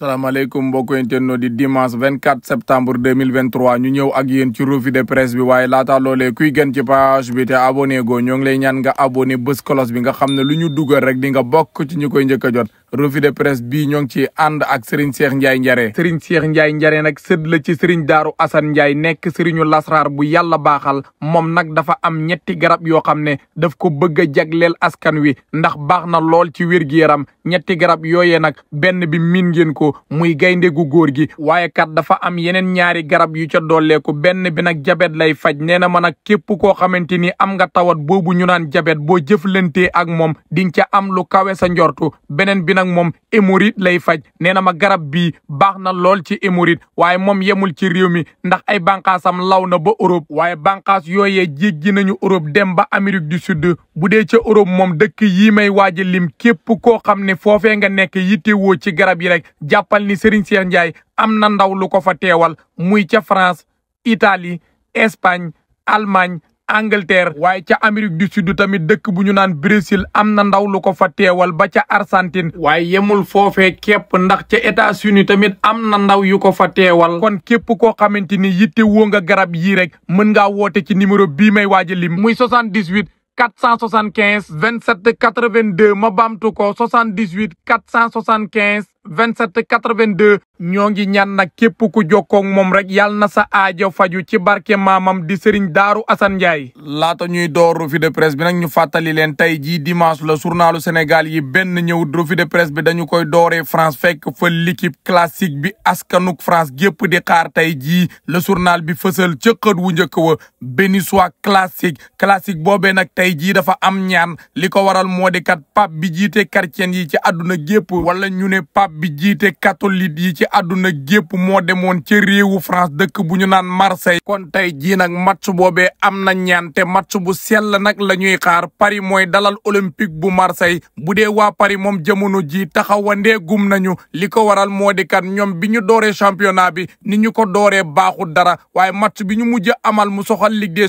salaamaaleykum mbokk interno di dimanche 24 septembre 2023 ñu ñëw ak yéen ci revue de presse bi waaye laata loolee kuy gën ci page bi te abonné go ñoo ngi lay ñaan nga abonné bés kolos bi nga xam ne lu ñu dugal rek di nga bokk ci ñu koy njëkk a jot revue de presse bii ñoo ngi ci ànd ak Serigne Cheikh Ndiaye Njare Serigne Cheikh Ndiaye Njare nag sëdd la ci Serigne Daaru Assane Ndiaye nekk Serigne Lasraar bu yàlla baaxal moom nag dafa am ñetti garab yoo xam ne daf ko bëgg a jagleel askan wi ndax baax na lool ci wér-gu-yaram ñetti garab yooyee nag benn bi miin ko muy gaynde gu góor gi waaye kat dafa am yeneen ñaari garab yu ca dolleeku benn bi nag jabet lay faj nee na ma nag képp koo xamante ni am nga tawat boobu ñu naan jabet boo jëflantee ak moom diñ ca am lu kawe sa njortu beneen bi nag moom hémorroïde lay faj nee na ma garab bii baax na lool ci hémorroïde waaye moom yemul ci réew mi ndax ay bànqaasam law na ba Europe waaye bànqaas yooyee ji nañu Europe dem ba Amérique du Sud bu dee ca Europe moom dëkk yii may waaja lim képp koo xam ne foofee nga nekk yittewoo ci garab yi rek jàppal ni Serigne Cheikh Ndiaye am na ndaw lu ko fa teewal muy ca France itali Espagne Allemagne Angleterre waaye ca Amérique du Sud tamit dëkk bu ñu naan Brésil am na ndaw lu ko fa teewal ba ca Argentine waaye yemul foofe képp ndax ca États-Unis tamit am na ndaw yu ko fa teewal kon képp koo xamante ni yitte woo nga garab yii rek mën ngaa woote ci numéro bii may waaj a lim muy 78 475 27 82 ma bamtu ko 78 475 27 82 ñoo ngi ñaan nag képp ku jokkoo moom rek yàlla na sa aajo faju ci barke maamam di Serigne daaru Assane Ndiaye. laata ñuy door revue de presse bi nag ñu fàttali leen tey jii dimanche la surnalu Sénégal yi benn ñëwut revue de presse bi dañu koy dooree France fekk fa l'équipe classique bi askanuk France gépp di xaar tey jii le journal bi fa ca xët wu njëkk wa Benissois classique classique nag tey tey jii dafa am ñaan li ko waral moo di kat pape bi jiite chrétien yi ci àdduna gépp wala ñu ne pape bi jiite catholique yi ci àdduna gépp moo demoon ci réewu France dëkk bu ñu naan Marseille kon tey jii nag match boobee am na ñaan te match bu sell nag la ñuy xaar Paris mooy dalal olympique bu Marseille bu dee waa Paris moom jamono ji taxawandee gum nañu li ko waral moo ñoom bi ñu dooree championnat bi ni ñu ko dooree baaxul dara waaye match bi ñu mujj amal mu soxal Ligue des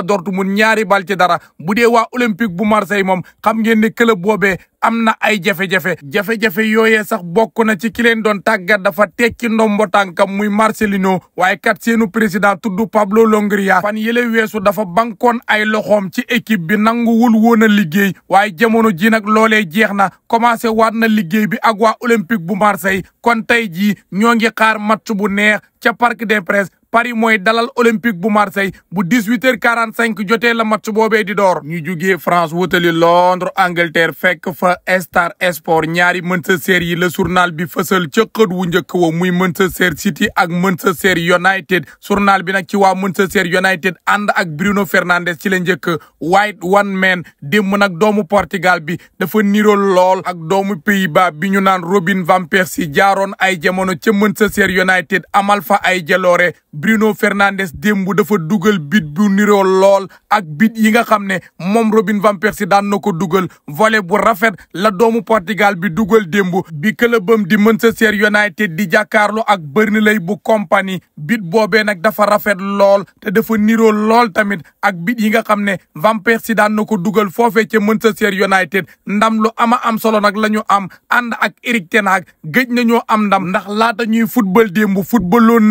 Borussia Dortmund ñaari bal dara bu dee waa olympique bu Marseille moom xam ngeen ne club boobee am na ay jafe-jafe jafe-jafe sax bokk na ci ki leen doon tàggat dafa tekki ndombo tànkam muy Marcelino waaye kat seenu président tudd Pablo Longoria fan yële weesu dafa bankoon ay loxoom ci équipe bi nanguwul woon a liggéey waaye jamono ji nag loole jeex na commencé waat na liggéey bi ak waa olympique bu Marseille kon tey jii ñoo ngi xaar match bu neex ca Parc des Princes Paris mooy dalal olympique bu Marseille bu 18 quarante 45 jotee la match boobee di door ñu jugee France wutali Londres Angleterre fekk fa Star Sport ñaari Manchester yi la journal bi fësal ca xët wu njëkk wa muy Manchester City ak Manchester United journal bi nag ci waa Manchester United ànd ak Bruno Fernandes ci la njëkk White one man démb nag doomu Portugal bi dafa niroo lool ak doomu Pays-Bas bi ñu naan Robin van Persie jaaroon ay jamono ca Manchester United amal fa ay jaloore Bruno Fernandes démb dafa dugal bit bu niroo lool ak bit yi nga xam ne moom Robin van Persie daan na ko dugal volet bu rafet la doomu Portugal bi dugal démb bi clubam di Manchester United di jàkkaarloo ak Burnley bu compagnie bit boobee nag dafa rafet lool te dafa niroo lool tamit ak bit yi nga xam ne van Persie daan na ko dugal foofee ca Manchester United ndam lu ama am solo nag la ñu am ànd ak Erik ten Hag gëj nañoo am ndam ndax laata ñuy football démb footballoon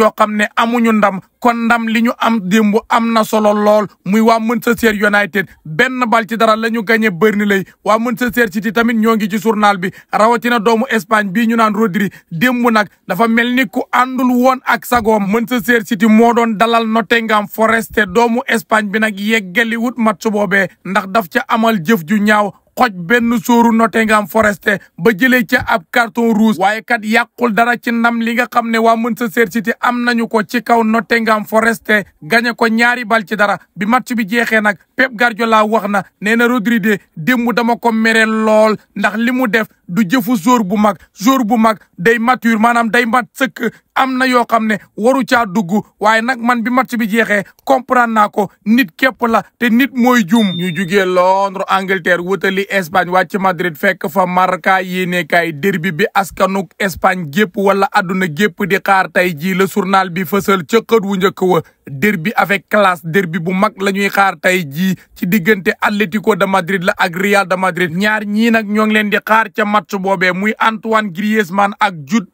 yoo xam ne amuñu ndam kon ndam li ñu am démb am na solo lool muy waa Manchester United benn bal ci dara la ñu gagné Burnley waa Manchester City tamit ñoo ngi ci journal bi rawatina doomu Espagne bii ñu naan Rodri démb nag dafa mel ni ku àndul woon ak sagoom Manchester City moo doon dalal Nottingham Forest doomu Espagne bi nag yeggali wut match boobee ndax daf ca amal jëf ju ñaaw xoj benn sóoru Nottingham Forest ba jëlee ca ab carton rouge waaye kat yàqul dara ci nam li nga xam ne waa mën Manchester City am nañu ko ci kaw Nottingham Forest gañe ko ñaari bal ci dara bi match bi jeexee nag Pep Guardiola wax na nee na Rodri démb dama ko mere lool ndax li mu def du jëfu jour bu mag jour bu mag day mature maanaam day mat sëkk am na yoo xam ne waru caa dugg waaye nag man bi match bi jeexee comprendre naa ko nit képp la te nit mooy juum. ñu jugee Londres Angleterre wutali Espagne wàcc Madrid fekk fa Marca yéenekaay derbi bi askanuk Espagne gépp wala adduna gépp di xaar tey jii la surnal bi fësal ca wu njëkk wa derbi avec classe derbi bu mag la ñuy xaar tey jii ci diggante Atlético de Madrid la ak Real de Madrid ñaar ñii nag ñoo ngi leen di xaar ca match boobee muy Antoine Griezmann ak Jude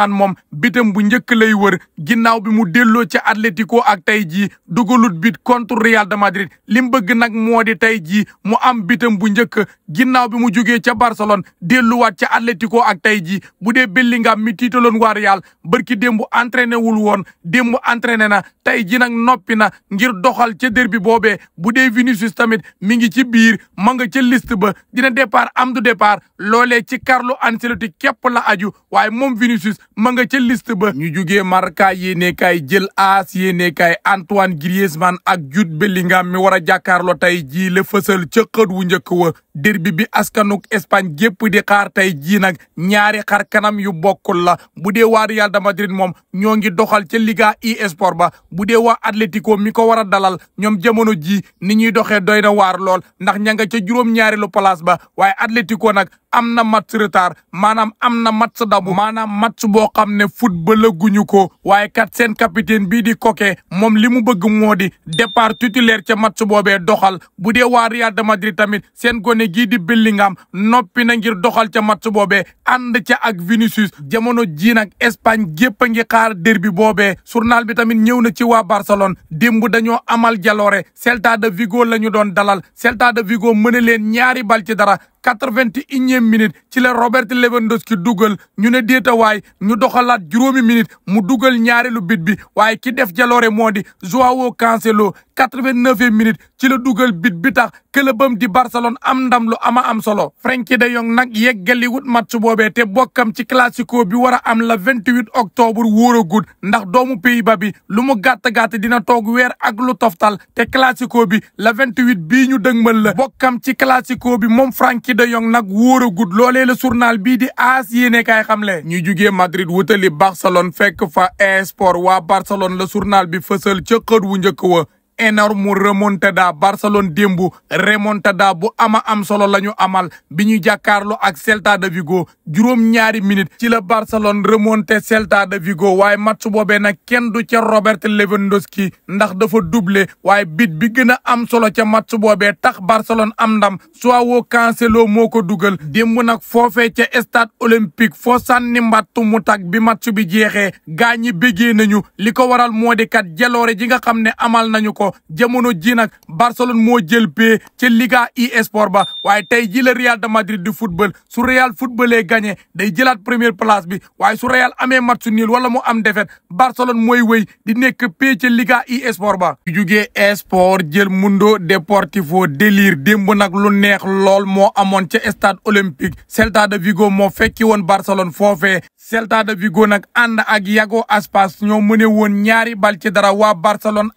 Griezmann moom bitam bu njëkk lay wër ginnaaw bi mu delloo ca Atlético ak tey jii dugalut bit contre Real de Madrid li mu bëgg nag moo di tey jii mu am bitam bu njëkk ginnaaw bi mu jugee ca Barcelone delluwaat ca Atlético ak tey jii bu dee Bellingham mi tiitaloon waa Real bërki démb entraîné wul woon démb entraîné na tey jii nag noppi na ngir doxal ca derbi boobee bu dee Vinicius tamit mi ngi ci biir ma nga ca liste ba dina départ am du départ loole ci Carlo Ancelotti képp la aju waaye moom Vinicius ma nga ca liste ba ñu jugee Marca yéene kaay jël aas yéene kaay Antoine Griezmann ak Jude Bellingham mi war a jàkkaarloo tey jii le fësal ca wu njëkk wa derbi bi askanuk Espagne gépp di xaar tey jii nag ñaari xar kanam yu bokkul la bu dee waa Real de Madrid moom ñoo ngi doxal ca Liga e-sport ba bu dee waa Atlético mi ko war a dalal ñoom jamono jii ni ñuy doxee doy na waar lool ndax ña nga ca juróom-ñaareelu place ba waaye Atlético nag am na match retard maanaam am na match dabu maanaam match boo xam ne football guñu ko waaye kat seen capitaine bii di Koke moom li mu bëgg moo di départ titulaire ca match boobee doxal bu dee waa Real de Madrid tamit seen gone gii di Bellingham noppi na ngir doxal ca match boobee ànd ca ak Vinicius jamono jii nag Espagne gépp a ngi xaar derbi boobee journal bi tamit ñëw na ci waa Barcelone démb dañoo amal jaloore Celta de Vigo la ñu doon dalal Celta de Vigo mën leen ñaari bal ci dara quatre-vingt-unième minute ci la Robert Lewandowski dugal ñu ne déetawaay ñu doxalaat juróomi minute mu dugal ñaareelu bit bi waaye ki def jaloore moo di Joao Cancelo quatre-vingt-neuvième minute ci la dugal bit bi tax këlëbam di Barcelone am ndam lu ama am solo Frenkie de Jong nag yeggaliwut match boobee te bokkam ci classico bi war a am la 28 octobre wóoragut ndax doomu Pays-Bas bi lu mu gàtt-gàtt dina toog weer ak lu toftal te classico bi la vingt 28 bii ñu dëgmal la bokkam ci classico bi moom Frenkie de Jong nag wóoragut loole la journal bii di AS xam xamle ñu jugee Madrid wutali Barcelone fekk fa esport waa Barcelone la journal bi fësal ca xët wu njëkk wa énorme remontada Barcelone démb remontada bu ama am solo la ñu amal bi ñu jàkkaarloo ak Celta de Vigo juróom ñaari minutes ci la Barcelone remonte Celta de Vigo waaye match boobee nag kenn du ca Robert Lewandowski ndax dafa duble waaye bit bi gën a am solo ca match boobe tax Barcelone am ndam Joao Cancelo moo ko dugal démb nag foofe ca stade olympique foo sànni mbattu mu tag bi match bi jeexee ga ñi bégee nañu li ko waral moo kat jaloore ji xam ne amal ko jamono ji nag Barcelone moo jël pee ca Liga e-sport ba waaye tey ji la Real de Madrid du football su Real footballee gagné day jëlaat première place bi waaye su Real amee match nul wala mu am défaite Barcelone mooy wéy di nekk pee ca Liga e-sport ba. yu e-sport jël Mundo Deportivo délire demb nag lu neex lool moo amoon ca stade olympique Celta de Vigo moo fekki woon Barcelone foofee Celta de Vigo nag ànd ak Yago Aspas ñoo mëne woon ñaari bal dara waa Barcelone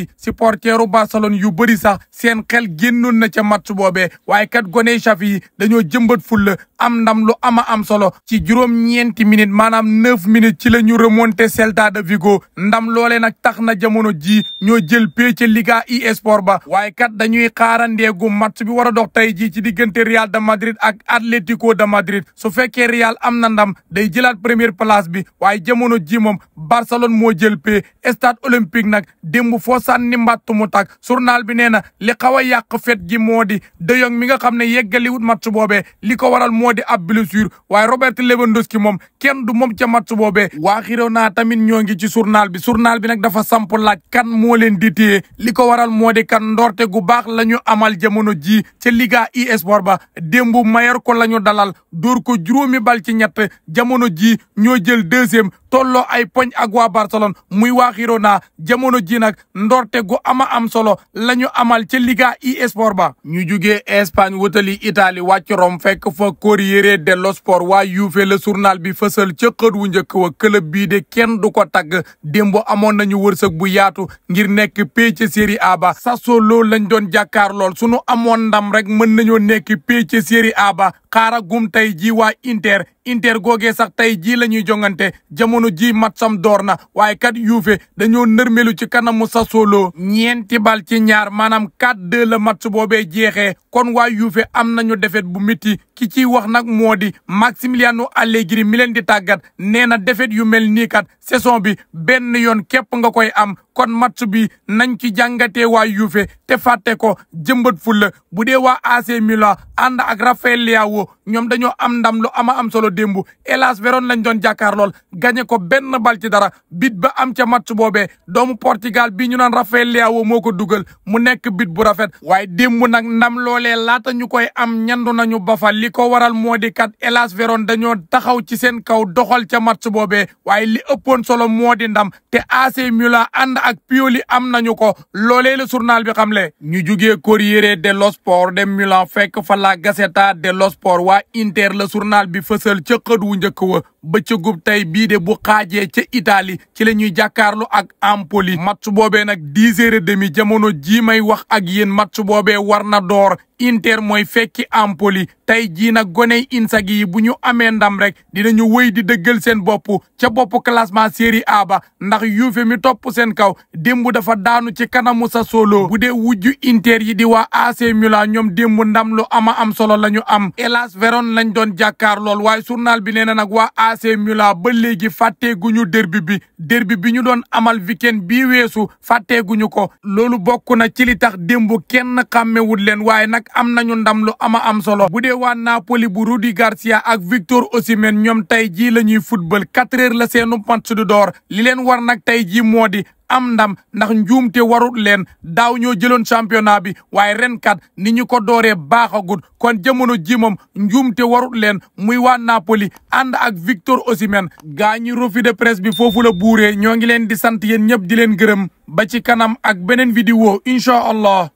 bi supporteru Barcelone yu bëri sax seen xel génnoon na ca match boobee waaye kat gone Xavi yi dañoo jëmbat fulla am ndam lu ama am solo ci juróom-ñeenti minutes maanaam neuf minutes ci la ñu remonté Celta de Vigo ndam loole nag tax na jamono ji ñoo jël pee ci Liga e-sport ba waaye kat dañuy xaarandeegu match bi war a dox tey jii ci diggante Real de Madrid ak Atlético de Madrid su fekkee Real am na ndam day jëlaat première place bi waaye jamono ji moom Barcelone moo jël pee stade olympique nag démb foo sanni mbàtt mu tàkk journal bi nee na li xaw a yàq fet ji moo di De Jong mi nga xam ne yeggaliwut match boobee li ko waral moo moo di ab blessure waaye Robert Lewandowski moom kenn du moom ca mat boobee waa Girona tamit ñoo ngi ci journal bi journal bi nag dafa sampo laaj kan moo leen di téye li ko waral moo di kan ndorte gu baax la ñu amal jamono jii ca Liga e-sport ba démb mayer ko la ñu dalal dóor ko juróomi bal ci ñett jamono jii ñoo jël deuxième tollo ay poñ ak waa Barcelone muy waa na jamono ji nag ndorte gu ama am solo la ñu amal ca Liga e-sport ba. ñu jugee Espagne wutali itali wàcc Rome fekk fa Corriere dello Sport waa Juve la journal bi fësal ca xët wu njëkk wa club bii de kenn du ko tagg démb amoon nañu wërsëg bu yaatu ngir nekk pé ca Serie A ba Sassuolo lañ doon jàkkaar lool sunu amoon ndam rek mën nañoo nekk pé ca Serie A ba xaaragum tey ji waa Inter Inter googee sax tey jii la ñuy jongante jamono ji matsam door na waaye kat Juve dañoo nërmelu ci kanamu Sassuolo ñeenti bal ci ñaar maanaam 4-2 la match boobee jeexee kon waa Juve am nañu defet bu métti ki ciy wax nag moo di Maximiliano Allegri mi leen di tàggat nee na défaite yu mel nii kat saison bi benn yoon képp nga koy am kon match bi nañ ki jàngatee waa Juve te fàtte ko jëmbat fulla bu dee waa AC Milan ànd ak Rafael Leao ñoom dañoo am ndam lu ama am solo démbu hélas Vérone lañ doon jàkkaar lool gagné ko benn bal ci dara bit ba am ca match boobee doomu Portugal bi ñu naan Rafael Leao moo ko dugal mu nekk bit bu rafet way démb nag ndam loolee laata ñu koy am ñandu nañu ba ko waral moo di kat Hellas Vérone dañoo taxaw ci seen kaw doxal ca match boobee waaye li ëppoon solo moo di ndam te AC Milan ànd ak Pioli am nañu ko loolee la journal bi xamle ñu jugee Corriere dello Sport dem Milan fekk fa la Gazzetta dello Sport waa Inter la journal bi fësal ca wu njëkk wa bëccëgub tey bii de bu xaajee ca itali ci la ñuy jàkkaarlu ak Empoli match boobee nag dix heures et demi jamono jii may wax ak yéen match boobee war na door inter mooy fekki Empoli tey jii nag goney Inzaghi gi bu ñu amee ndam rek dinañu wéy di dëggël seen bopp ca boppu classement Serie A ba ndax Juve mi topp seen kaw démb dafa daanu ci kanamu Sassuolo bu dee wujju inter yi di waa AC Milan ñoom démb ndam lu ama am solo la ñu am Hellas veron lañ doon jàkkaar lool waaye journal bi nee na nag waa AC Milan ba léegi fàtteeguñu derbi bi derbi bi ñu doon amal weekend bi weesu fàtteeguñu ko loolu bokk na ci li tax démb kenn xàmmewul leen waaye nag am nañu ndam lu ama am solo bu dee waa Napoli bu Rudi Garcia ak Victor Osimhen ñoom tey jii la ñuy football quatre heures la seenu match de door li leen war nag tey jii moo di am ndam ndax njuumte warut leen daaw ñoo jëloon championnat bi waaye ren kat ni ñu ko dooree baaxagut kon jamono ji moom njuumte warut leen muy waa Napoli ànd ak Victor Osimhen gaa ñi rofi de presse bi foofu la buuree ñoo ngi leen di sant yéen ñëpp di leen gërëm ba ci kanam ak beneen vidéo incha allah